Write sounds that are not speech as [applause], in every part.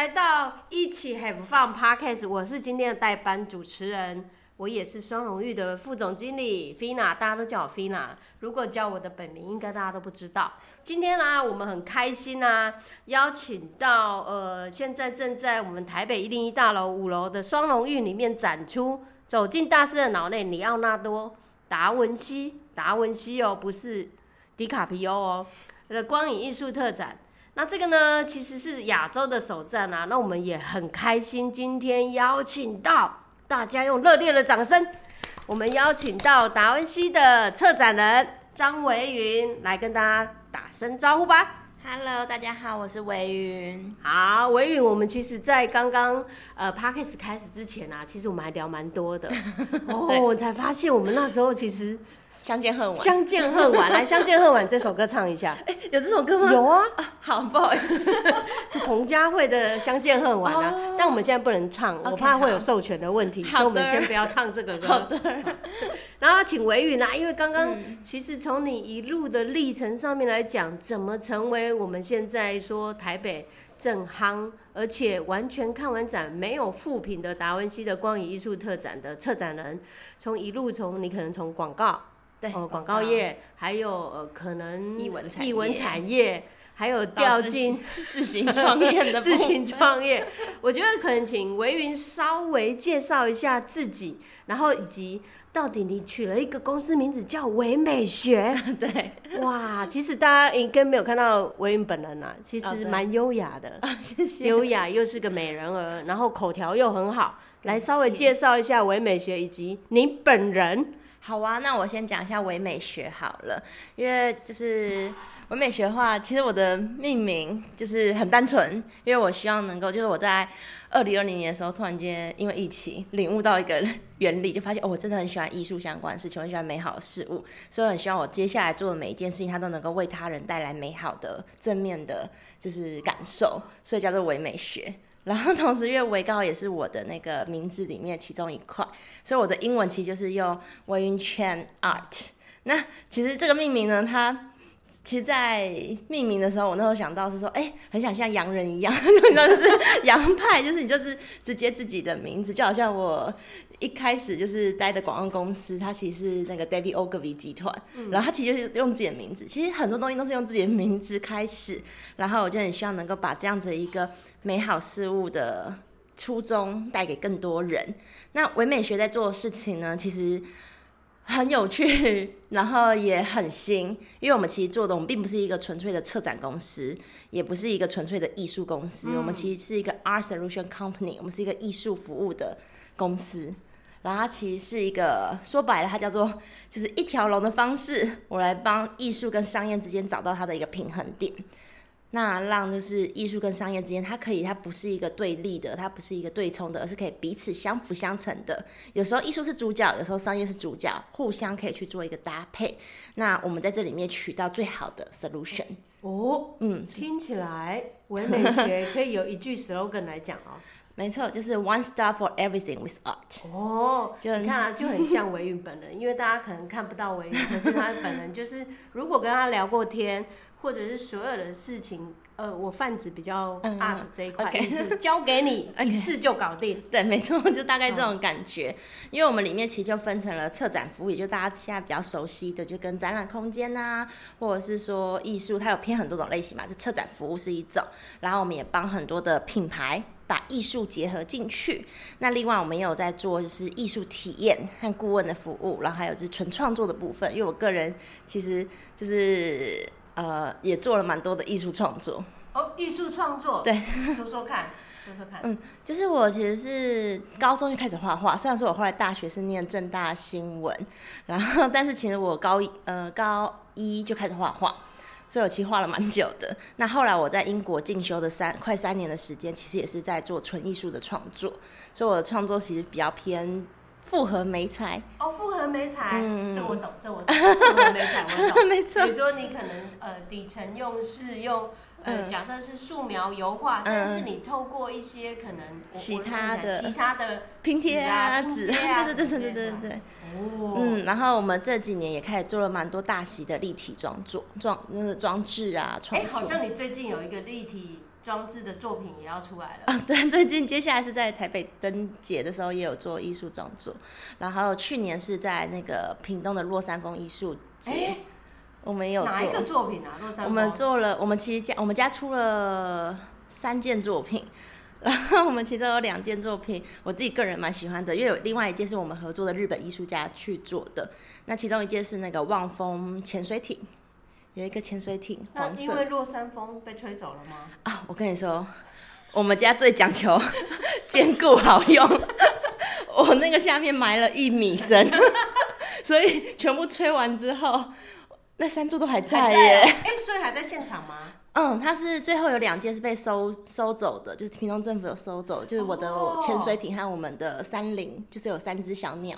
來到一起 Have Fun Podcast，我是今天的代班主持人，我也是雙融域的副總經理 Fina，大家都叫我 Fina，如果叫我的本名，應該大家都不知道。今天呢、啊，我們很開心呢、啊，邀請到呃，現在正在我們台北一零一大樓五樓的雙融域裡面展出《走進大師的腦內：李奧納多、達文西、達文西哦，不是迪卡皮歐哦的、那個、光影藝術特展》。那這個呢，其實是亞洲的首站啊。那我們也很開心，今天邀請到大家，用熱烈的掌聲，我們邀請到達文西的策展人張為雲來跟大家打聲招呼吧。Hello，大家好，我是為雲。好，為雲，我們其實在剛剛呃 Podcast 開始之前啊，其實我們還聊蠻多的哦。Oh, [laughs] 對我才發現，我們那時候其實。相見恨晚，相見恨晚，來，相見恨晚這首歌唱一下。 [laughs] 欸、有這首歌嗎？有啊，啊。好，不好意思， [laughs] 是彭佳慧的《相見恨晚》啊。Oh, 但我們現在不能唱，okay, 我怕會有授權的問題，的所以我們先不要唱這個歌。好的。好的，然後請為雲啦，因為剛剛其實從你一路的歷程上面來講，嗯、怎麼成為我們現在說台北正夯，而且完全看完展沒有副品的達文西的光影藝術特展的策展人，從一路從你可能從廣告。對廣、哦、告業，告還有呃，可能藝文產業，產業還有掉進自行創業的自行創業。我覺得可能請為雲稍微介紹一下自己，然後以及到底你取了一個公司名字叫為美學， [laughs] 對，哇，其實大家應該沒有看到為雲本人啊，其實蠻優雅的，優、 [laughs] 哦、對 [laughs] 雅又是個美人兒，然後口條又很好，來稍微介紹一下為美學以及你本人。好啊，那我先講一下為美學好了，因為就是為美學的話，其實我的命名就是很單純，因為我希望能夠，就是我在二零二零年的時候，突然間因為疫情領悟到一個原理，就發現哦，我真的很喜歡藝術相關的事情，很喜歡美好的事物，所以很希望我接下來做的每一件事情，它都能夠為他人帶來美好的、正面的，就是感受，所以叫做為美學。然後同時，因為維高也是我的那個名字裡面其中一塊，所以我的英文其實就是用 Wayne Chang Art。那其實這個命名呢，它其實在命名的時候，我那時候想到是說，哎，很想像洋人一樣，就是洋派，就是你就是直接自己的名字，就好像我一開始就是待的廣告公司，它其實是那個 David Ogilvy 集團，然後它其實就是用自己的名字，其實很多東西都是用自己的名字開始。然後我就很希望能夠把這樣子一個。美好事物的初衷帶給更多人。那為美學在做的事情呢，其實很有趣，然後也很新，因為我們其實做的，我們並不是一個純粹的策展公司，也不是一個純粹的藝術公司。嗯、我們其實是一個 Art Solution Company，我們是一個藝術服務的公司。然後它其實是一個說白了，它叫做就是一條龍的方式，我來幫藝術跟商業之間找到它的一個平衡點。那讓就是藝術跟商業之間，它可以，它不是一個對立的，它不是一個對沖的，而是可以彼此相輔相成的。有時候藝術是主角，有時候商業是主角，互相可以去做一個搭配。那我們在這裡面取到最好的 solution 哦。嗯，聽起來為美學可以有一句 slogan [laughs] 來講哦。沒錯，就是 One Star for Everything with Art。哦，就你看啊，就很像為雲本人， [laughs] 因為大家可能看不到為雲，可是他本人就是，如果跟他聊過天。或者是所有的事情，呃，我泛指比較 art 的這一塊，嗯、okay，就是交給你，你一次就搞定。 [laughs] okay，對，沒錯，就大概這種感覺。嗯、因為我們裡面其實就分成了策展服務，也就大家現在比較熟悉的，就跟展覽空間啊，或者是說藝術，它有偏很多種類型嘛。這策展服務是一種，然後我們也幫很多的品牌把藝術結合進去。那另外我們也有在做就是藝術體驗和顧問的服務，然後還有就是純創作的部分。因為我個人其實就是。呃，也做了蠻多的藝術創作。哦，藝術創作，對，說說看，說說看。嗯，就是我其實是高中就開始畫畫，雖然說我後來大學是念政大新聞，然後，但是其實我高一，呃，高一就開始畫畫，所以我其實畫了蠻久的。那後來我在英國進修的三，快三年的時間，其實也是在做純藝術的創作，所以我的創作其實比較偏。複合媒材哦，複合媒材，嗯，這我懂，這我懂，複合媒材我懂，沒錯。比如說你可能呃底層用是用，呃，假設是素描、油畫，但是你透過一些可能其他的、其他的拼貼啊、紙啊，對對對對對對，哦，嗯，然後我們這幾年也開始做了蠻多大型的立體裝作裝那個裝置啊，創作。誒，好像你最近有一個立體，裝置的作品也要出來了啊。對，最近接下來是在台北燈節的時候也有做藝術裝置，然後去年是在那個屏東的落山風藝術節，欸、我們有哪一個作品啊。落山風我們做了，我們其實家我們家出了三件作品，然後我們其中有兩件作品我自己個人蠻喜歡的，因為有另外一件是我們合作的日本藝術家去做的，那其中一件是那個望風潛水艇。有一個潛水艇，黃因為落山風被吹走了嗎？啊、哦，我跟你說，我們家最講求堅固好用， [laughs] [laughs] 我那個下面埋了一米深，所以全部吹完之後，那三座都還在耶。哎、啊欸，所以還在現場嗎？嗯，它是最後有兩件是被收收走的，就是屏東政府有收走，就是我的潛水艇和我們的山林，就是有三隻小鳥。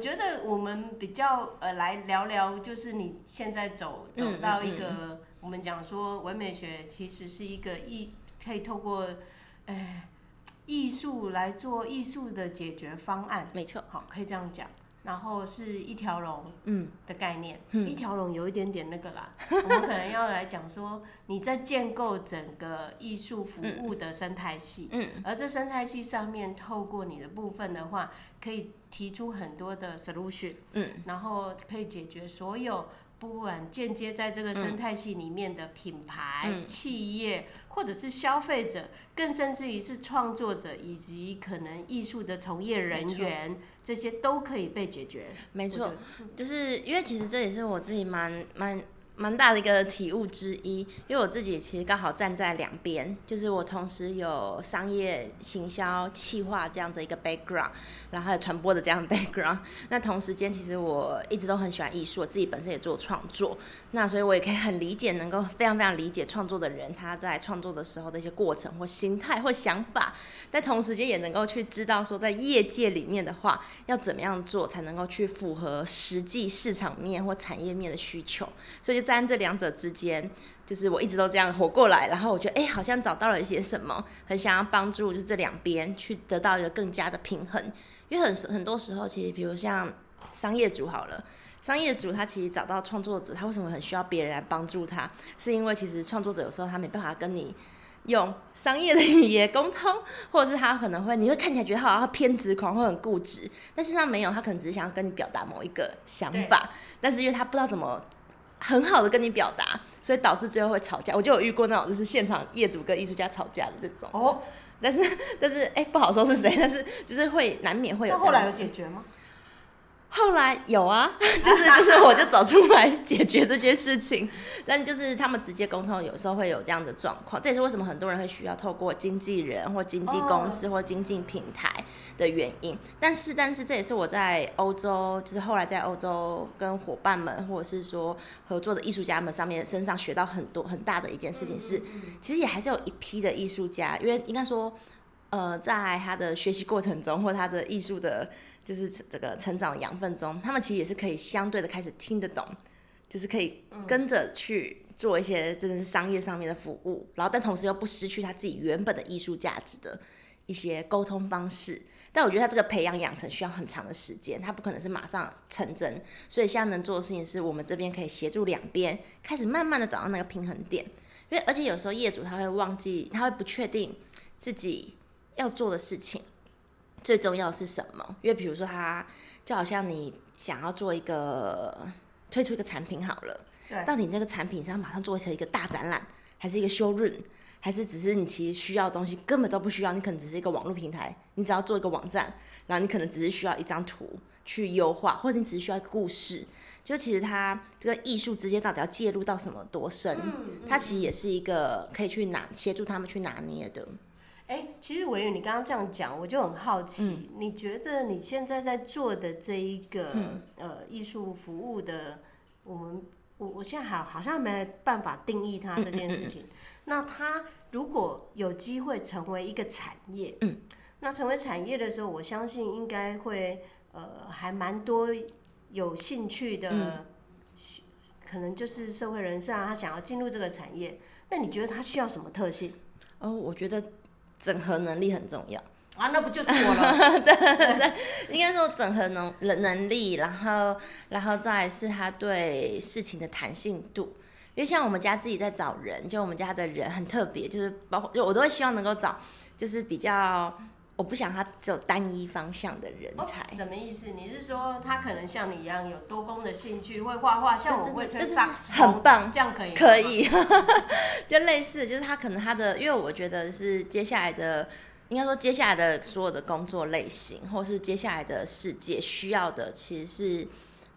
我覺得我們比較呃，來聊聊，就是你現在走走到一個，嗯嗯嗯我們講說，為美學其實是一個藝，可以透過，哎，藝術來做藝術的解決方案，沒錯，好，可以這樣講。然後是一條龍，嗯，的概念，嗯、一條龍有一點點那個啦，嗯、我們可能要來講說，你在建構整個藝術服務的生態系，嗯嗯、而這生態系上面透過你的部分的話，可以提出很多的 solution，嗯，然後可以解決所有。不管間接在這個生態系裡面的品牌、嗯、企業，或者是消費者，更甚至於是創作者以及可能藝術的從業人員，錯這些都可以被解決。沒錯錯，就是因為其實這也是我自己蠻蠻。蠻大的一個體悟之一，因為我自己其實剛好站在兩邊，就是我同時有商業行銷企劃這樣的一個 background，然後還有傳播的這樣的 background，那同時間，其實我一直都很喜歡藝術，我自己本身也做創作，那所以我也可以很理解，能夠非常非常理解創作的人他在創作的時候的一些過程或心態或想法。但同時間也能夠去知道說，在業界裡面的話，要怎麼樣做才能夠去符合實際市場面或產業面的需求，所以但這兩者之間，就是我一直都這樣活過來，然後我覺得誒、欸，好像找到了一些什麼，很想要幫助就是，就這兩邊去得到一個更加的平衡。因為很很多時候，其實比如像商業主好了，商業主他其實找到創作者，他為什麼很需要別人來幫助他？是因為其實創作者有時候他沒辦法跟你用商業的語言溝通，或者是他可能會你會看起來覺得他好像偏執狂或很固執，但事實上沒有，他可能只是想要跟你表達某一個想法，對但是因為他不知道怎麼。很好的跟你表達，所以導致最後會吵架。我就有遇過那種就是現場業主跟藝術家吵架的這種的哦，但，但是但是哎不好說是誰，但是就是會難免會有這樣的。後來有解決嗎？後來有啊，就是就是，我就走出來解決這件事情。 [laughs] 但就是他們直接溝通，有時候會有這樣的狀況，這也是為什麼很多人會需要透過經紀人或經紀公司或經紀平台的原因。Oh. 但是，但是這也是我在歐洲，就是後來在歐洲跟夥伴們或者是說合作的藝術家們上面身上學到很多很大的一件事情是，mm hmm. 其實也還是有一批的藝術家，因為應該說，呃，在他的學習過程中或他的藝術的。就是這個成長的養分中，他們其實也是可以相對的開始聽得懂，就是可以跟着去做一些真的是商業上面的服務，然後但同時又不失去他自己原本的藝術價值的一些溝通方式。但我覺得他這個培養養成需要很長的時間，他不可能是馬上成真。所以現在能做的事情是，我們這邊可以協助兩邊開始慢慢的找到那個平衡點，因為而且有時候業主他會忘記，他會不確定自己要做的事情。最重要的是什麼？因為比如說，他就好像你想要做一個推出一個產品好了，到底那個產品上馬上做成一個大展覽，還是一個 showroom，還是只是你其實需要的東西根本都不需要？你可能只是一個網絡平台，你只要做一個網站，然後你可能只是需要一張圖去優化，或者你只是需要一個故事。就其實它這個藝術之間到底要介入到什麼多深？它其實也是一個可以去拿協助他們去拿捏的。哎、欸，其實為雲，你剛剛這樣講，我就很好奇，嗯、你覺得你現在在做的這一個、嗯、呃藝術服務的，我們我我現在好好像沒有辦法定義它這件事情。嗯嗯嗯、那它如果有機會成為一個產業，嗯、那成為產業的時候，我相信應該會呃還蠻多有興趣的，嗯、可能就是社會人士啊，他想要進入這個產業，那你覺得它需要什麼特性？哦，我覺得。整合能力很重要啊，那不就是我了？ [laughs] 對，應該說整合能能能力，然後然後再是他對事情的彈性度，因為像我們家自己在找人，就我們家的人很特別，就是包括就我都會希望能夠找就是比較。我不想他只有單一方向的人才、哦。什麼意思？你是說他可能像你一樣有多工的興趣，會畫畫，像我會吹薩斯，很棒，這樣可以可以， [laughs] 就類似，就是他可能他的，因為我覺得是接下來的，應該說接下來的所有的工作類型，或是接下來的世界需要的，其實是，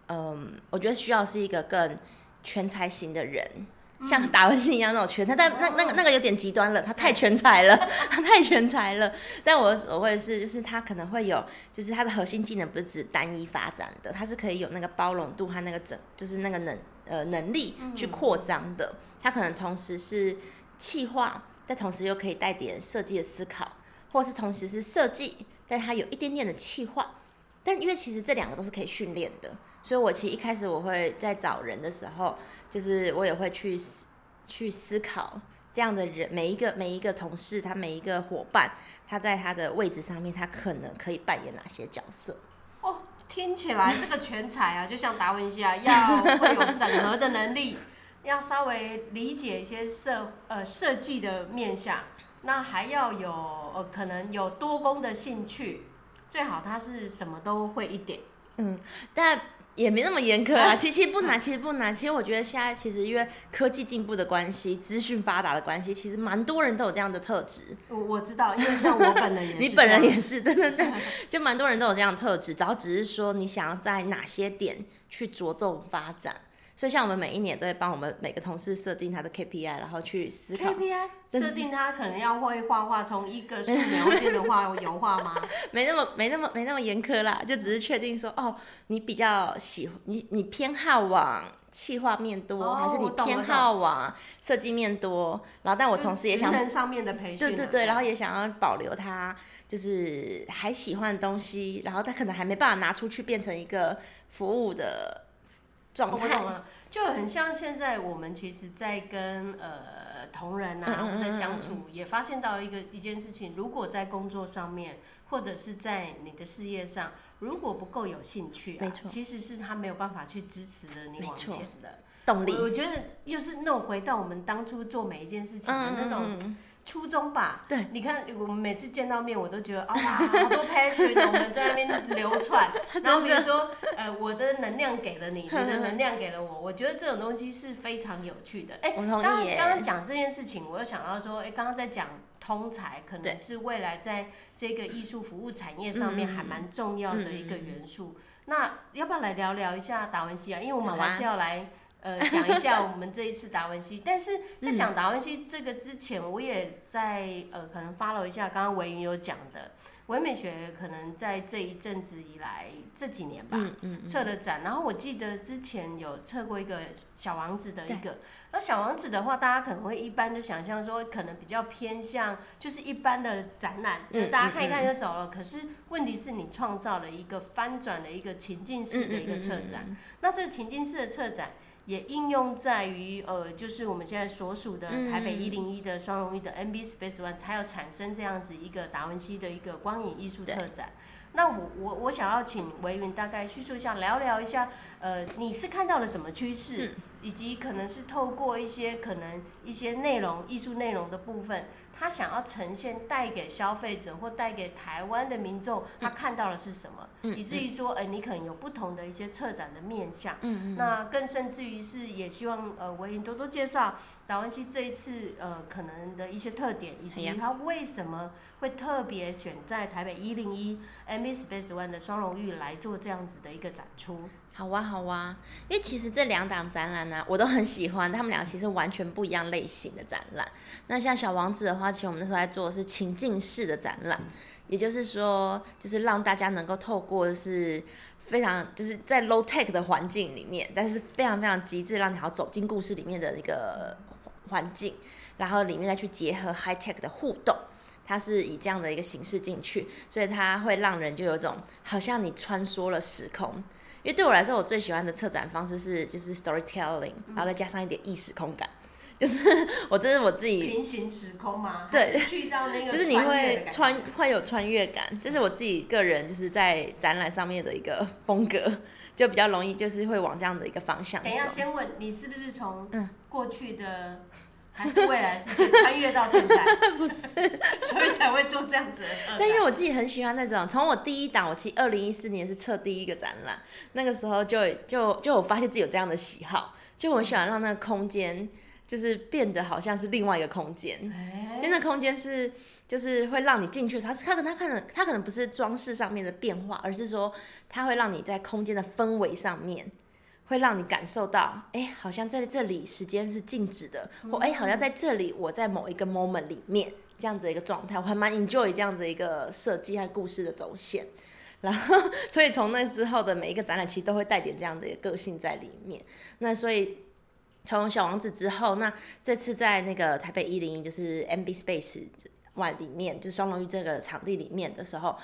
嗯，我覺得需要是一個更全才型的人。像達文西一樣那種全才，但那那個那個有點極端了，他太全才了，他太全才了。但我我會是，就是他可能會有，就是他的核心技能不是指單一發展的，他是可以有那個包容度和那個整，就是那個能呃能力去擴張的。他可能同時是企劃，但同時又可以帶點設計的思考，或是同時是設計，但他有一點點的企劃。但因為其實這兩個都是可以訓練的，所以我其實一開始我會在找人的時候。就是我也會去思去思考這樣的人，每一個每一個同事，他每一個夥伴，他在他的位置上面，他可能可以扮演哪些角色？哦，聽起來這個全才啊， [laughs] 就像達文西啊，要會有整合的能力， [laughs] 要稍微理解一些設呃設計的面向，那還要有呃可能有多工的興趣，最好他是什麼都會一點。嗯，但。也沒那麼嚴苛啊，啊其實不難，啊、其實不難，啊、其實我覺得現在其實因為科技進步的關係，資訊發達的關係，其實蠻多人都有這樣的特質。我我知道，因為像我本人也是， [laughs] 你本人也是，對對對，就蠻多人都有這樣的特質。只要只是說，你想要在哪些點去着重發展。所以，像我們每一年都會幫我們每個同事設定他的 KPI，然後去思考 KPI 設對定他可能要會畫畫，從一個素描變成畫油畫嗎？ [laughs] 沒那麼、沒那麼、沒那麼嚴苛啦，就只是確定說，哦，你比較喜歡你你偏好往企劃面多，哦、還是你偏好往設計面多？哦、然後，但我同事也想跟上面的培訓，對對對，然後也想要保留他就是還喜歡的東西，然後他可能還沒辦法拿出去變成一個服務的。我我懂了，就很像現在我們其實，在跟呃同仁吶、啊嗯嗯嗯嗯、在相處，也發現到一個一件事情，如果在工作上面，或者是在你的事業上，如果不夠有興趣、啊，沒錯。其實是他沒有辦法去支持著你往前的動力我。我覺得就是那種回到我們當初做每一件事情的那種。嗯嗯嗯嗯初中吧，對，你看我們每次見到面，我都覺得、哦、啊哇，好多 passion [laughs] 我們在那邊流竄。 [laughs] 的然後比如說，呃，我的能量給了你， [laughs] 你的能量給了我，我覺得這種東西是非常有趣的。哎，我同意。剛剛，剛剛講這件事情，我又想到說，哎，剛剛在講通才，可能是未來在這個藝術服務產業上面還蠻重要的一個元素。嗯嗯、那要不要來聊聊一下達文西啊？因為我媽媽是要來。 [laughs] 呃，講一下我們這一次達文西， [laughs] 但是在講達文西這個之前，嗯、我也在呃，可能 follow 一下剛剛為雲有講的，為美學可能在這一陣子以來這幾年吧，嗯嗯，策的展，然後我記得之前有策過一個小王子的一個，對那小王子的話，大家可能會一般就想象說，可能比較偏向就是一般的展覽，嗯、就大家看一看就走了。嗯、可是問題是你創造了一個翻轉的一個情境式的一個策展，嗯嗯嗯嗯、那這個情境式的策展。也應用在於，呃，就是我們現在所屬的台北一零一的雙融域的 Ambi Space One，才要產生這樣子一個達文西的一個光影藝術特展。對那我我我想要請為雲，大概敘述一下，聊聊一下，呃，你是看到了什麼趨勢？嗯以及可能是透過一些可能一些內容藝術內容的部分，他想要呈現帶給消費者或帶給台灣的民眾，他看到的是什麼？嗯嗯、以至於說、嗯呃，你可能有不同的一些策展的面向。嗯嗯、那更甚至於是也希望呃，為雲多多介紹達文西這一次呃可能的一些特點，以及他為什麼會特別選在台北一零一 Ambi Space One 的雙融域來做這樣子的一個展出。好哇，好哇，因為其實這兩檔展覽呢，啊，我都很喜歡。他們兩個其實完全不一樣類型的展覽。那像小王子的話，其實我們那時候在做的是情境式的展覽，也就是說，就是讓大家能夠透過的是非常就是在 low tech 的環境裡面，但是非常非常極致，讓你好走進故事裡面的一個環境，然後裡面再去結合 high tech 的互動，它是以這樣的一個形式進去，所以它會讓人就有種好像你穿梭了時空。因為對我來說，我最喜歡的策展方式是就是 storytelling，嗯、然後再加上一點異時空感，就是我這是我自己平行時空嗎？對，是就是你會穿會有穿越感，就是我自己個人就是在展覽上面的一個風格，就比較容易就是會往這樣的一個方向。等一下，先問你是不是從嗯過去的。還是未來世界穿越 [laughs] 到現在， [laughs] 不是， [laughs] 所以才會做這樣子的事。但因為我自己很喜歡那種，從我第一檔，我其實二零一四年是策第一個展覽，那個時候就就就我發現自己有這樣的喜好，就我很喜歡讓那個空間就是變得好像是另外一個空間，嗯、因為那空間是就是會讓你進去，它是它，它可能看着它可能不是裝飾上面的變化，而是說它會讓你在空間的氛圍上面。會讓你感受到，哎，好像在這裡時間是靜止的，嗯、或哎，好像在這裡我在某一個 moment 裡面這樣子一個狀態，我還蠻 enjoy 這樣子一個設計和故事的走線，然後，所以從那之後的每一個展覽其實都會帶點這樣子一個個性在裡面。那所以從小王子之後，那這次在那個台北一零一就是 Ambi Space One 裡面，就雙融域這個場地裡面的時候。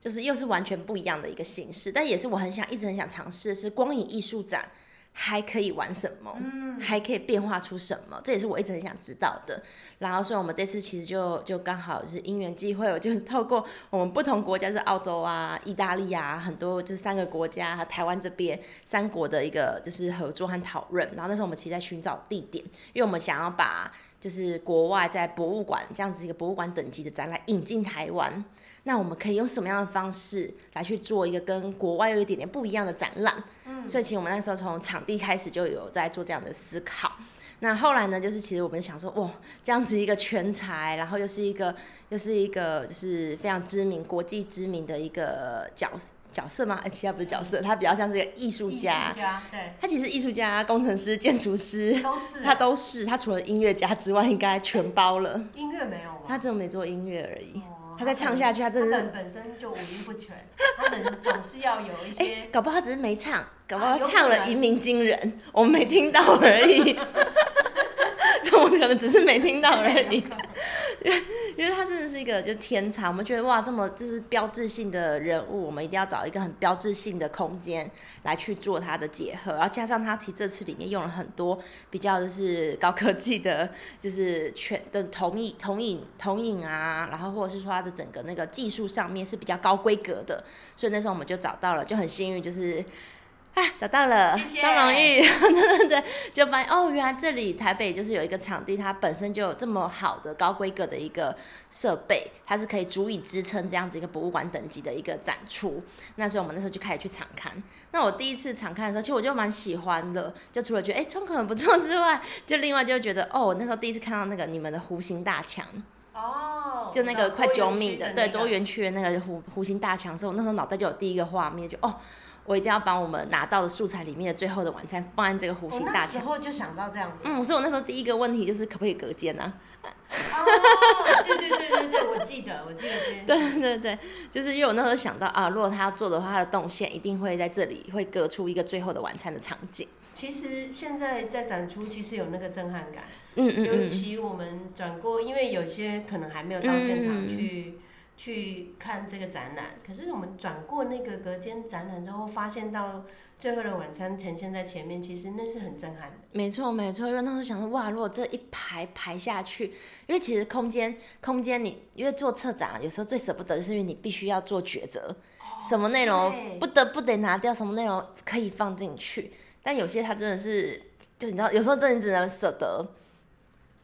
就是又是完全不一樣的一個形式，但也是我很想一直很想嘗試的是光影藝術展還可以玩什麼，還可以變化出什麼，這也是我一直很想知道的。然後所以我們這次其實就就剛好就是因緣際會，我就是透過我們不同國家，是澳洲啊、意大利啊很多就是三個國家和台灣這邊三國的一個就是合作和討論。然後那時候我們其實在尋找地點，因為我們想要把就是國外在博物館這樣子一個博物館等級的展覽引進台灣。那我們可以用什麼樣的方式來去做一個跟國外有一點點不一樣的展覽？嗯，所以其實我們那時候從場地開始就有在做這樣的思考。那後來呢，就是其實我們想說，哇，這樣子一個全才，然後又是一個又是一個就是非常知名、國際知名的一個角角色嗎？哎、欸，其他不是角色，對，他比較像是一個藝術家，藝術家，對，他其實藝術家、工程師、建築師，都是他都是他除了音樂家之外，應該全包了。音樂沒有嗎、啊？他只有沒做音樂而已。哦。他再唱下去，他真的是本身就五音不全， [laughs] 他人總是要有一些、欸。搞不好只是沒唱，搞不好唱了一鳴驚人，啊、我們沒聽到而已。 [laughs] 怎麼可能只是沒聽到而已？ [laughs] [laughs] 因為他真的是一個就天才，我們覺得哇，這麼就是標誌性的人物，我們一定要找一個很標誌性的空間來去做他的結合，然後加上他其實這次裡面用了很多比較就是高科技的，就是全的投影、投影、投影啊，然後或者是說他的整個那個技術上面是比較高規格的，所以那時候我們就找到了，就很幸運就是。哎、啊，找到了雙融域，謝謝榮 [laughs] 對對對，就發現哦，原來這裡台北就是有一個場地，它本身就有這麼好的高規格的一個設備，它是可以足以支撐這樣子一個博物館等級的一個展出。那時候我們那時候就開始去場看，那我第一次場看的時候，其實我就蠻喜歡的，就除了覺得哎窗口很不錯之外，就另外就覺得哦，我那時候第一次看到那個你們的弧形大牆哦，就那個快九米的對多元區的那個弧弧形大牆，所以我那時候腦袋就有第一個畫面，就哦。我一定要把我們拿到的素材裡面的《最後的晚餐》放在這個弧形大牆。我、哦、那時就想到這樣子。嗯，所以我那時候第一個問題就是可不可以隔間呢、啊？哈、哦、對對對對對， [laughs] 我記得，我記得這件事對對對，就是因為我那時候想到啊，如果他要做的話，他的動線一定會在這裡會隔出一個《最後的晚餐》的場景。其實現在在展出，其實有那個震撼感。嗯,嗯嗯。尤其我們轉過，因為有些可能還沒有到現場去。去看這個展覽，可是我們轉過那個隔間展覽之後，發現到最後的晚餐呈現在前面，其實那是很震撼的沒。沒錯，沒錯，因為那時候想說，哇，如果這一排排下去，因為其實空間，空間，你因為做策展，有時候最捨不得的，是因為你必須要做抉擇，Oh, 什麼內容不得不得拿掉，對什麼內容可以放進去，但有些他真的是，就你知道，有時候真的只能捨得。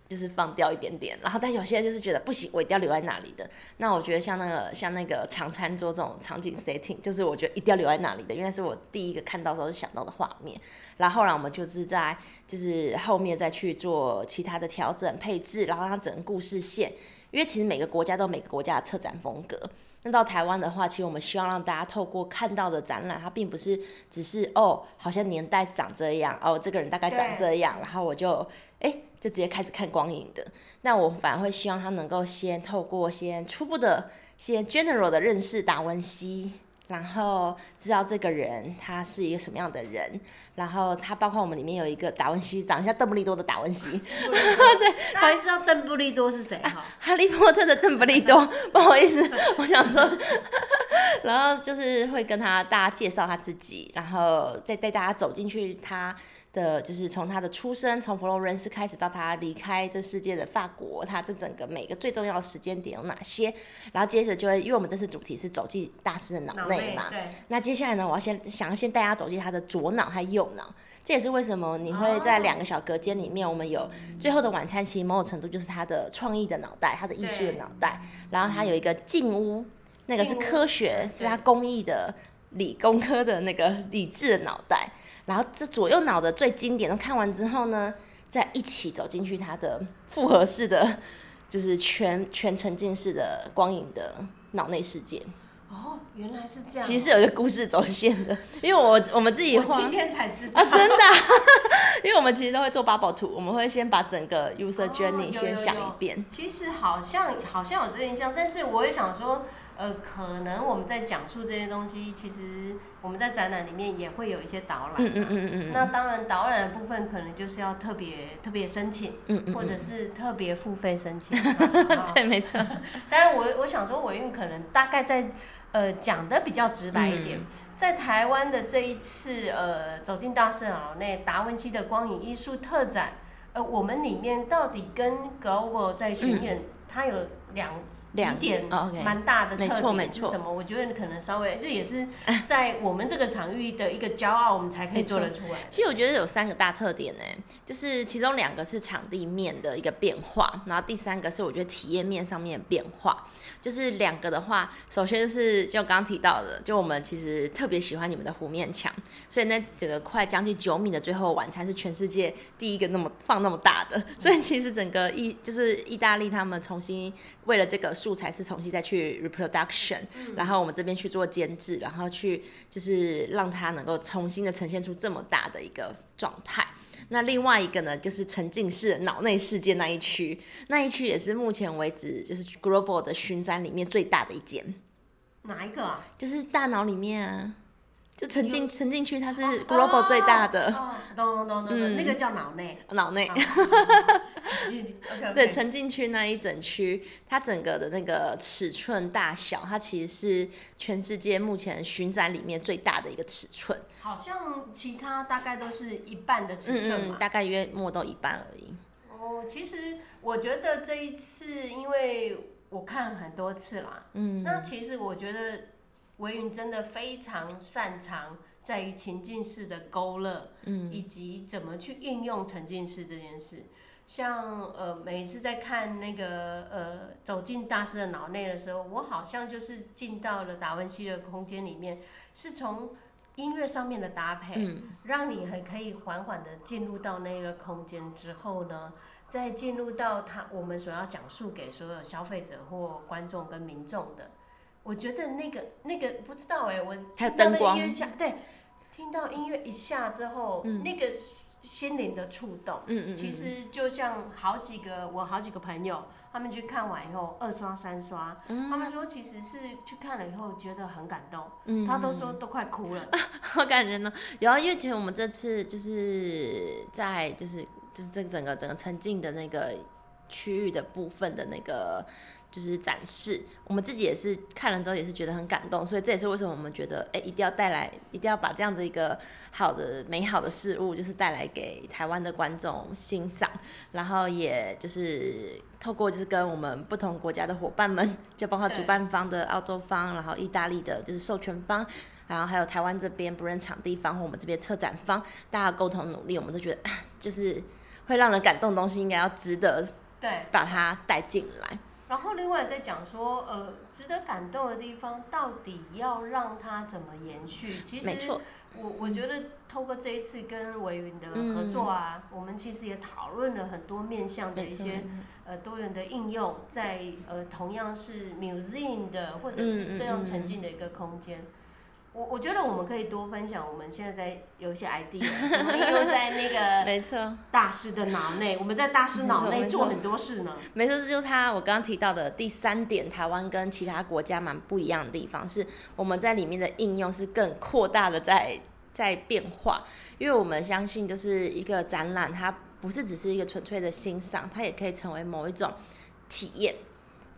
就是放掉一點點，然後但有些人就是覺得不行，我一定要留在那裡的。那我覺得像那個像那個長餐桌這種場景 setting，就是我覺得一定要留在那裡的，因為是我第一個看到的時候想到的畫面。然後後來我們就是在就是後面再去做其他的調整配置，然後讓它整個故事線。因為其實每個國家都有每個國家的策展風格。那到台灣的話，其實我們希望讓大家透過看到的展覽，它並不是只是哦，好像年代長這樣哦，這個人大概長這樣，對然後我就哎。誒就直接開始看光影的，那我反而會希望他能夠先透過先初步的、先 general 的認識達文西，然後知道這個人他是一個什麼樣的人，然後他包括我們裡面有一個達文西，長相鄧布利多的達文西， [laughs] 對，他 [laughs] 對但知道鄧布利多是誰哈，啊、哈利波特的鄧布利多， [laughs] 不好意思， [laughs] 我想說， [laughs] 然後就是會跟他大家介紹他自己，然後再帶大家走進去他。的就是從他的出生，從佛羅倫斯開始到他離開這世界的法國，他這整個每個最重要的時間點有哪些？然後接着就會，因為我們這次主題是走進大師的腦內嘛。內對。那接下來呢，我要先想要先帶大家走進他的左腦和右腦。這也是為什麼你會在兩個小隔間裡面，我們有、哦、最後的晚餐，其實某種程度就是他的創意的腦袋，他的藝術的腦袋。對然後他有一個進屋，那個是科學，是他工藝的理、理工科的那個理智的腦袋。然後這左右腦的最經典都看完之後呢，再一起走進去它的複合式的，就是全全沉浸式的光影的腦內世界。哦，原來是這樣。其實有一個故事走線的，因為我我們自己我今天才知道啊，真的、啊，因為我們其實都會做 Bubble 圖，我們會先把整個 User Journey 先想一遍。哦、有有有其實好像好像有這個印象，但是我也想說。呃，可能我們在講述這些東西，其實我們在展覽裡面也會有一些導覽、啊嗯。嗯嗯嗯嗯。那當然，導覽的部分可能就是要特別特別申請，嗯嗯、或者是特別付費申請。對，沒錯。但是，我我想說，我因為可能大概在呃講得比較直白一點，嗯、在台灣的這一次呃走進大師的腦內達文西的光影藝術特展，呃，我們裡面到底跟 Global 在巡演，它、嗯、有兩。兩幾點蠻大的特點，哦 okay，沒，沒錯沒錯。什麼？我覺得可能稍微，這也是在我們這個場域的一個驕傲，我們才可以做得出來，哎其。其實我覺得有三個大特點呢，就是其中兩個是場地面的一個變化，然後第三個是我覺得體驗面上面的變化。就是兩個的話，首先是就剛剛提到的，就我們其實特別喜歡你們的弧面牆，所以那整個快將近九米的最後晚餐是全世界第一個那麼放那麼大的，所以其實整個意就是意大利，他們重新為了這個素材是重新再去 reproduction，然後我們這邊去做監製，然後去就是讓它能夠重新的呈現出這麼大的一個狀態。那另外一個呢，就是沉浸式腦內世界那一區，那一區也是目前為止，就是 Global 的巡展裡面最大的一間。哪一個啊？就是大腦裡面啊。就沉浸沉浸區，它是 global 最大的。咚咚咚那個叫腦內，腦內，對沉浸區那一整區，它整個的那個尺寸大小，它其實是全世界目前巡展裡面最大的一個尺寸。好像其他大概都是一半的尺寸嘛，嗯嗯、大概約摸到一半而已。哦，其實我覺得這一次，因為我看很多次啦，嗯，那其實我覺得。為雲真的非常擅長在於情境式的勾勒，嗯、以及怎麼去運用沉浸式這件事。像呃，每次在看那個呃走進大師的腦內的時候，我好像就是進到了達文西的空間裡面，是從音樂上面的搭配，嗯、讓你很可以緩緩的進入到那個空間之後呢，再進入到他我們所要講述給所有消費者或觀眾跟民眾的。我覺得那個那個不知道哎、欸，我聽到那音樂一下，光對，聽到音樂一下之後，嗯、那個心靈的觸動，嗯,嗯嗯，其實就像好幾個我好幾個朋友，他們去看完以後二刷三刷，嗯、他們說其實是去看了以後覺得很感動，嗯、他都說都快哭了，嗯、 [laughs] 好感人呢、哦。然後因為其實我們這次就是在就是就是這個整個整個沉浸的那個區域的部分的那個。就是展示，我們自己也是看了之後也是覺得很感動，所以這也是為什麼我們覺得，哎、欸，一定要帶來，一定要把這樣子一個好的、美好的事物，就是帶來給台灣的觀眾欣賞。然後也就是透過就是跟我們不同國家的伙伴們，就包括主辦方的澳洲方，對 然後意大利的就是授權方，然後還有台灣這邊不認場地方和我們這邊策展方，大家共同努力，我們都覺得就是會讓人感動的東西，應該要值得對把它帶進來。然後另外再講說，呃，值得感動的地方到底要讓它怎麼延續？其實我沒錯，我，我覺得透過這一次跟為雲的合作啊，嗯、我們其實也討論了很多面向的一些、嗯、呃，多元的應用，在呃同樣是 museum 的或者是這樣沉浸的一個空間。嗯嗯嗯我我覺得我們可以多分享，我們現在在有一些 idea，又在那個沒錯大師的腦內， [laughs] 沒錯，我們在大師腦內做很多事呢。沒錯，這就是他我剛剛提到的第三點，台灣跟其他國家蠻不一樣的地方是，我們在裡面的應用是更擴大的在在變化，因為我們相信就是一個展覽，它不是只是一個純粹的欣賞，它也可以成為某一種體驗。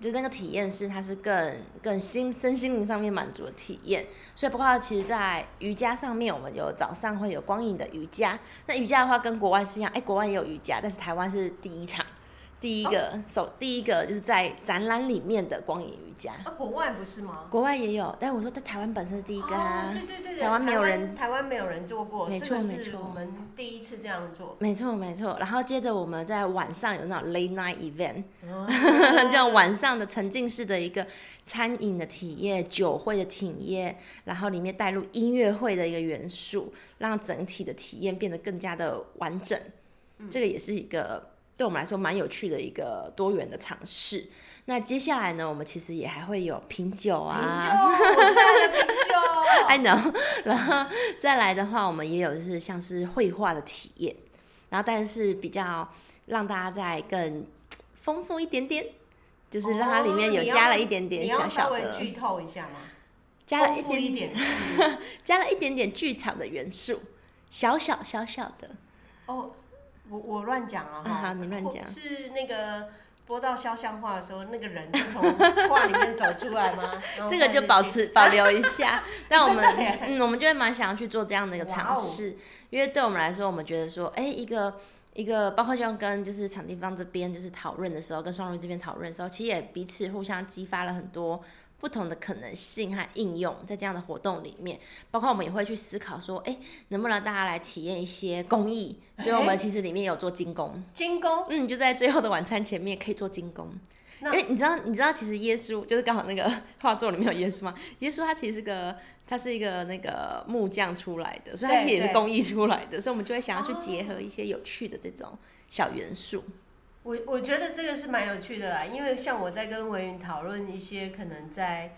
就那個體驗是，它是更更心身心靈上面滿足的體驗。所以包括其實在瑜伽上面，我們有早上會有光影的瑜伽。那瑜伽的話跟國外是一樣，哎、欸，國外也有瑜伽，但是台灣是第一場。第一個、哦、首第一個就是在展覽裡面的光影瑜伽，啊、哦，國外不是嗎？國外也有，但我說在台灣本身是第一個啊，哦、對對對，台灣沒有人，台灣沒有人做過，沒錯錯，沒錯，這個是我們第一次這樣做，沒錯沒錯。然後接着我們在晚上有那種 Late Night Event，這樣、哦啊、 [laughs] 晚上的沉浸式的一個餐飲的體驗、酒會的體驗，然後裡面帶入音樂會的一個元素，讓整體的體驗變得更加的完整。嗯、這個也是一個。對我們來說蠻有趣的一個多元的嘗試。那接下來呢，我們其實也還會有品酒啊，品酒，我最愛的品酒。還能，然後再來的話，我們也有就是像是繪畫的體驗。然後，但是比較讓大家再更豐富一點點，就是讓它裡面有加了一點點小小的、哦、劇透一下嗎？加了一點一點， [laughs] 加了一點點劇場的元素，小小小小，小的哦。Oh. 我我亂講啊，哈、嗯，好，你亂講。是那個播到肖像畫的時候，那個人就從畫裡面走出來嗎？這個就保持保留一下。 [laughs] 但我們， [laughs] 耶嗯，我們就會蠻想要去做這樣的一個嘗試，Wow 因為對我們來說，我們覺得說，哎、欸，一個一個，包括像跟就是場地方這邊就是討論的時候，跟雙融這邊討論的時候，其實也彼此互相激發了很多。不同的可能性和應用在這樣的活動裡面，包括我們也會去思考說，誒、欸，能不能大家來體驗一些工藝？所以，我們其實裡面有做金工，欸、金工，嗯，就在最後的晚餐前面可以做金工。那因為你知道，你知道，其實耶穌就是剛好那個畫作裡面有耶穌嗎？耶穌他其實是個，他是一個那個木匠出來的，所以他其實也是工藝出來的，對對對，所以我們就會想要去結合一些有趣的這種小元素。哦我我覺得這個是蠻有趣的啦、啊，因為像我在跟為雲討論一些可能在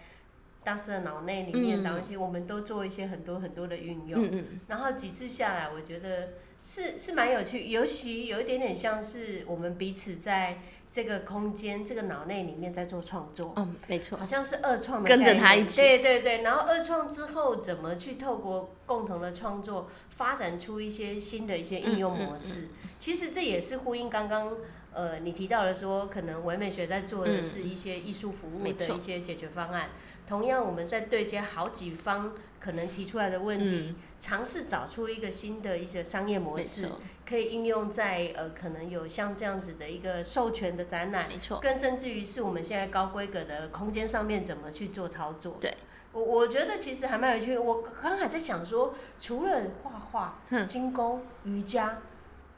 大師的腦內裡面東西，我們都做一些很多很多的運用，嗯、然後幾次下來，我覺得是是蠻有趣，尤其有一點點像是我們彼此在這個空間、這個腦內裡面在做創作，嗯，沒錯，好像是二創，跟着他一起，對對對，然後二創之後怎麼去透過共同的創作發展出一些新的一些應用模式，嗯嗯嗯、其實這也是呼應剛剛。呃，你提到了說，可能為美學在做的是一些藝術服務的一些解決方案。嗯、同樣，我們在對接好幾方可能提出來的問題，嗯、嘗試找出一個新的一些商業模式，沒錯，可以應用在呃，可能有像這樣子的一個授權的展覽，嗯、沒錯，更甚至於是我們現在高規格的空間上面怎麼去做操作。嗯、對我，我覺得其實還蠻有趣。我剛剛還在想說，除了畫畫、金工、瑜伽。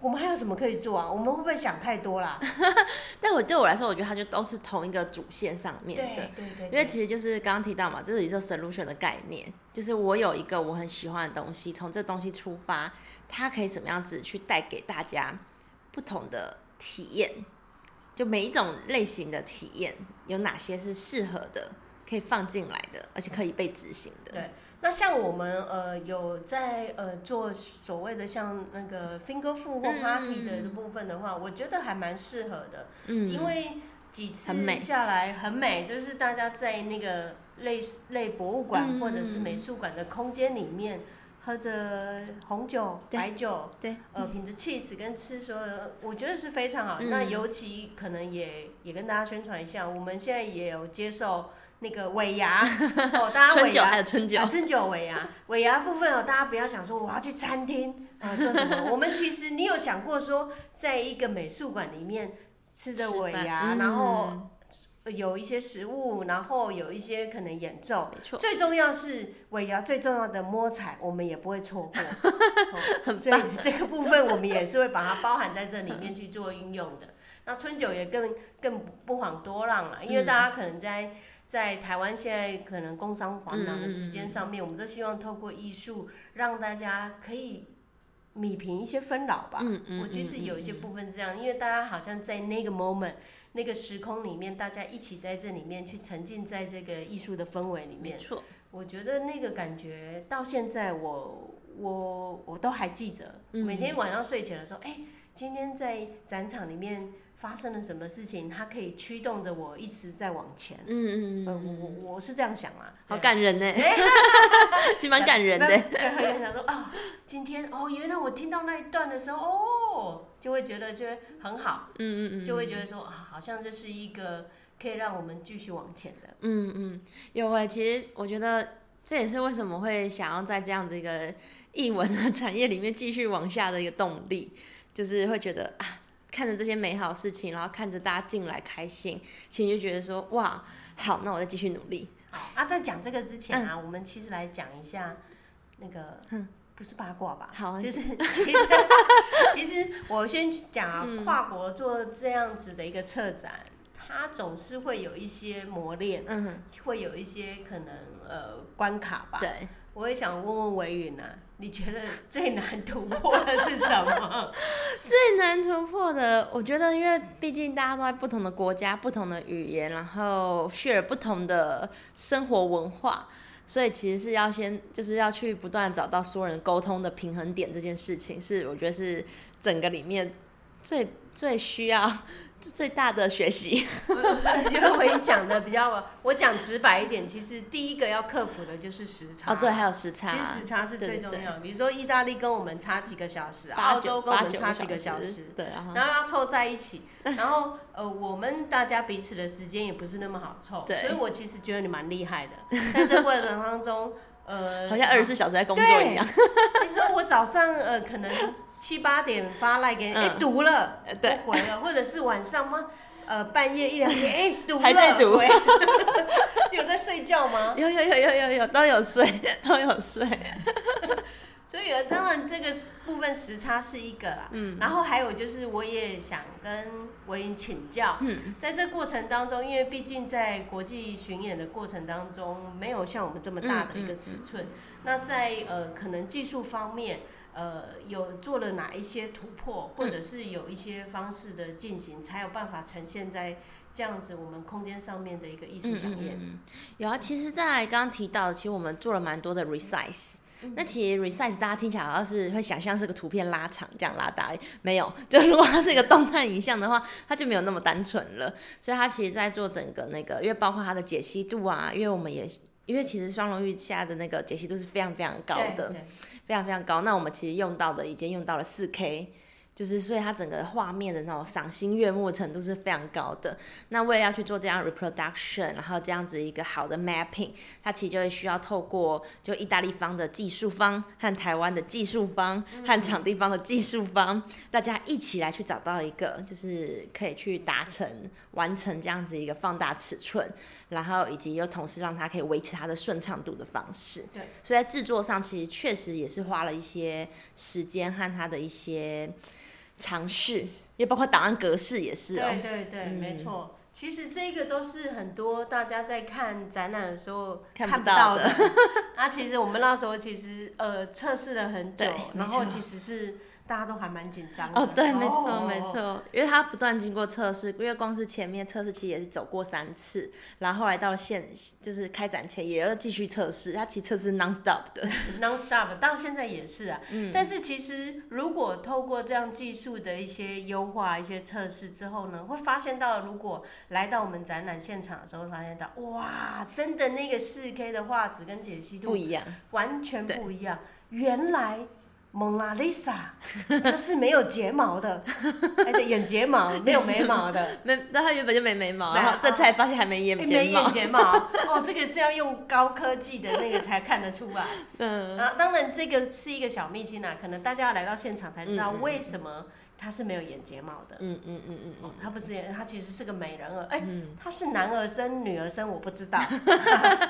我們還有什麼可以做啊？我們會不會想太多啦？ [laughs] 但對我來說，我覺得它就都是同一個主線上面的。對對對，對。因為其實就是剛剛提到嘛，這就是一個 solution 的概念，就是我有一個我很喜歡的東西，從這東西出發，它可以什麼樣子去帶給大家不同的體驗？就每一種類型的體驗有哪些是適合的，可以放進來的，而且可以被執行的。對。那像我們呃有在呃做所謂的像那個 finger food 或 party 的部分的話，嗯、我覺得還蠻適合的，嗯、因為幾次下來很美，很美就是大家在那個類似類博物館或者是美術館的空間裡面，喝着紅酒、嗯、白酒，對，對呃，品着 cheese 跟吃所有的，我覺得是非常好。嗯、那尤其可能也也跟大家宣傳一下，我們現在也有接受。那個尾牙哦，大家尾牙春酒還是春酒？啊、春酒尾牙，尾牙部分、哦、大家不要想說我要去餐廳啊做什麼。 [laughs] 我們其實你有想過說，在一個美術館裡面吃着尾牙，嗯、然後有一些食物，嗯、然後有一些可能演奏，沒錯、最重要是尾牙最重要的摸彩，我們也不會錯過 [laughs] 很棒、哦，所以這個部分我們也是會把它包含在這裡面去做運用的。 [laughs] 那春酒也更更不遑多讓了，因為大家可能在。嗯在台灣現在可能工商繁忙的時間上面，嗯嗯、我們都希望透過藝術讓大家可以弭平一些紛擾吧。嗯嗯、我其實有一些部分是這樣，因為大家好像在那個 moment、那個時空裡面，大家一起在這裡面去沉浸在這個藝術的氛圍裡面。沒錯、我覺得那個感覺到現在我，我我我都還記得、嗯、每天晚上睡前的時候，哎、欸，今天在展場裡面。發生了什麼事情？它可以驅動着我一直在往前。嗯，嗯嗯嗯，呃、我我，我是這樣想啊，好感人呢，其實蠻對、欸、感人的。對，會想說啊、哦，今天哦，原來我聽到那一段的時候哦，就會覺得就很好。嗯，嗯嗯嗯，就會覺得說啊，好像這是一個可以讓我們繼續往前的。嗯嗯，有哎，其實我覺得這也是為什麼會想要在這樣子一個藝文的產業裡面繼續往下的一個動力，就是會覺得啊。看着這些美好事情，然後看着大家進來開心，其實就覺得說哇，好，那我再繼續努力。好啊，在講這個之前啊，嗯、我們其實來講一下那個、嗯、不是八卦吧？好，就是、 [laughs] 其實其實其實我先講啊，跨國做這樣子的一個策展，嗯、它總是會有一些磨練，嗯哼，會有一些可能呃關卡吧？對。我也想問問為雲啊，你覺得最難突破的是什麼？ [laughs] 最難突破的，我覺得，因為畢竟大家都在不同的國家、不同的語言，然後 share 不同的生活文化，所以其實是要先，就是要去不斷找到所有人溝通的平衡點，這件事情是我覺得是整個裡面最最需要。最大的學習， [laughs] 我，我已經講得講的比較，我講直白一點，其實第一個要克服的就是時差。對，還有時差。其實時差是最重要。比如說意大利跟我們差幾個小時，澳洲跟我們差幾個小時，對，然後要湊在一起，然後呃，我們大家彼此的時間也不是那麼好湊。所以我其實覺得你蠻厲害的，在這過程當中，呃， [laughs] 好像二十四小時在工作一樣。你 [laughs] 說我早上呃，可能。七八點發來給你，哎、like, 欸、嗯、讀了不回了，對或者是晚上嗎？呃，半夜一兩點，哎、欸、讀了，還在讀，回 [laughs] 有在睡覺嗎？有有有有有有都有睡，都有睡， [laughs] 所以當然這個部分時差是一個啦。嗯，然後還有就是，我也想跟為雲請教，嗯、在這過程當中，因為畢竟在國際巡演的過程當中，沒有像我們這麼大的一個尺寸。嗯嗯嗯、那在呃，可能技術方面。呃，有做了哪一些突破，或者是有一些方式的進行，嗯、才有辦法呈現在這樣子我們空間上面的一個藝術上面、嗯嗯嗯、有啊，其實，在剛剛提到的，其實我們做了蠻多的 resize、嗯。那其實 resize 大家聽起來好像是會想象是個圖片拉長，這樣拉大，沒有。就如果它是一個動態影像的話， [laughs] 它就沒有那麼單純了。所以它其實，在做整個那個，因為包括它的解析度啊，因為我們也。因為其實雙龍玉雙融域下的那個解析度，是非常非常高的，對對，非常非常高。那我們其實用到的已經用到了四 K，就是所以它整個畫面的那種賞心悅目的程度是非常高的。那為了要去做這樣 reproduction，然後這樣子一個好的 mapping，它其實就會需要透過就意大利方的技術方和台灣的技術方和場地方的技術方，嗯、大家一起來去找到一個就是可以去達成、嗯、完成這樣子一個放大尺寸。然後，以及又同時讓它可以維持它的順暢度的方式。對，所以在製作上，其實確實也是花了一些時間和它的一些嘗試，也包括檔案格式也是、哦。對對對，嗯、沒錯。其實這個都是很多大家在看展覽的時候看不到的。到的 [laughs] 啊，其實我們那時候其實呃測試了很久，對然後其實是。大家都還蠻緊張的，oh, 對，沒錯、哦、沒錯，因為它不斷經過測試，因為光是前面測試期也是走過三次，然後，後來到現就是開展前也要繼續測試，它其實測試是 non stop 的 [laughs] ，non stop 到現在也是啊。嗯，但是其實如果透過這樣技術的一些優化、一些測試之後呢，會發現到如果來到我們展覽現場的時候，會發現到哇，真的那個四 K 的畫質跟解析度不一樣，完全不一樣，對原來。蒙娜麗莎，Lisa, 她是沒有睫毛的，得、 [laughs] 欸、眼睫毛沒有眉毛的，沒，那她原本就沒眉毛，啊、然後這才發現還沒眼睫毛。啊欸、沒眼睫毛， [laughs] 哦，這個是要用高科技的那個才看得出來、啊。嗯，然後當然這個是一個小秘辛啊，可能大家要來到現場才知道為什麼嗯嗯嗯。他是沒有眼睫毛的，嗯嗯嗯嗯，他、嗯嗯嗯哦、不是，她其實是個美人兒，哎、欸，他是男兒身、嗯、女兒身我不知道， [laughs] [laughs]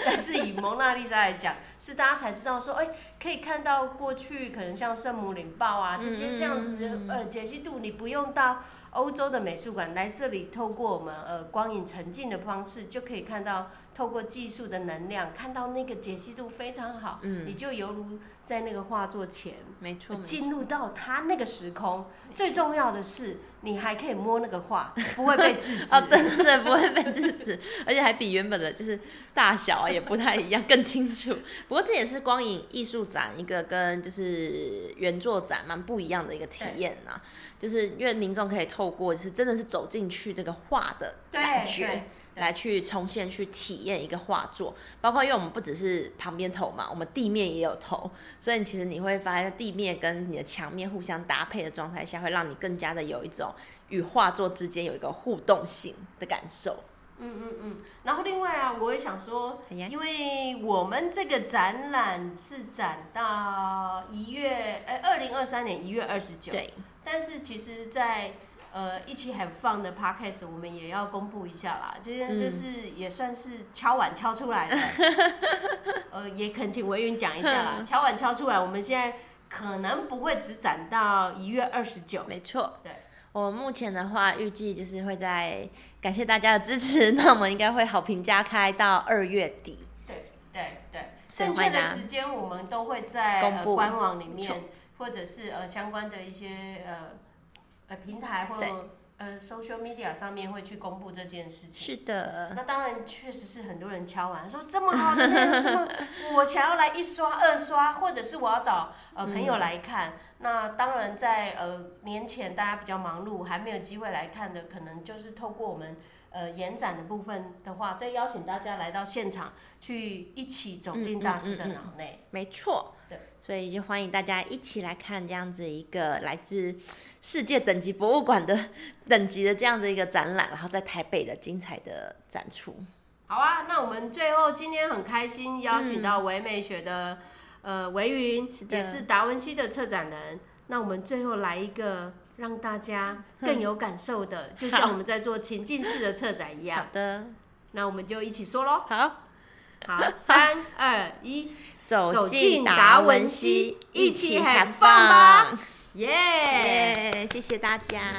但是以蒙娜麗莎來講，是大家才知道說、欸，可以看到過去可能像聖母領報啊這些這樣子，呃，解析度你不用到歐洲的美術館，來這裡透過我們呃光影沉浸的方式就可以看到。透過技術的能量，看到那個解析度非常好，嗯、你就猶如在那個畫作前，沒錯錯，進入到他那個時空。錯最重要的是，你還可以摸那個畫，不會被制止。 [laughs] 哦，對對對，不會被制止， [laughs] 而且還比原本的就是大小也不太一樣， [laughs] 更清楚。不過這也是光影藝術展一個跟就是原作展蠻不一樣的一個體驗吶、啊，對就是因為民眾可以透過是真的是走進去這個畫的感覺，來去重現去體驗一個畫作，包括因為我們不只是旁邊投嘛，我們地面也有投，所以其實你會發現地面跟你的牆面互相搭配的狀態下，會讓你更加的有一種與畫作之間有一個互動性的感受。嗯嗯嗯。然後另外啊，我也想說，哎、呀因為我們這個展覽是展到一月，哎，二零二三年一月二十九。對。但是其實，在呃，一起 have fun 的 podcast，我們也要公布一下啦。今天就是也算是敲碗敲出來的，嗯、 [laughs] 呃，也懇請為雲講一下啦。呵敲碗敲出來，我們現在可能不會只展到一月二十九，沒錯。對，我目前的話預計就是會在感謝大家的支持，那我們應該會好評加開到二月底。對對對，對對所以 正確的時間我們都會在公布、呃、官網裡面，錯或者是呃相關的一些呃。平台或呃 social media 上面會去公布這件事情。是的，那當然確實是很多人敲碗，說這麼好，的這麼 [laughs] 我想要來一刷二刷，或者是我要找呃朋友來看。嗯、那當然在呃年前大家比較忙碌，還沒有機會來看的，可能就是透過我們。呃，延展的部分的話，再邀請大家來到現場，去一起走進大師的腦內，嗯嗯嗯嗯。沒錯，對，所以就歡迎大家一起來看這樣子一個來自世界等級博物館的等級的這樣子一個展覽，然後在台北的精彩的展出。好啊，那我們最後今天很開心邀請到為美學的，嗯、呃為雲，是的也是達文西的策展人。那我們最後來一個。讓大家更有感受的，呵呵，就像我們在做情境式的策展一樣。好的，那我們就一起說咯。好，好，三好二一，走進達文，文西，一起喊放，耶！Yeah, yeah, 謝謝大家。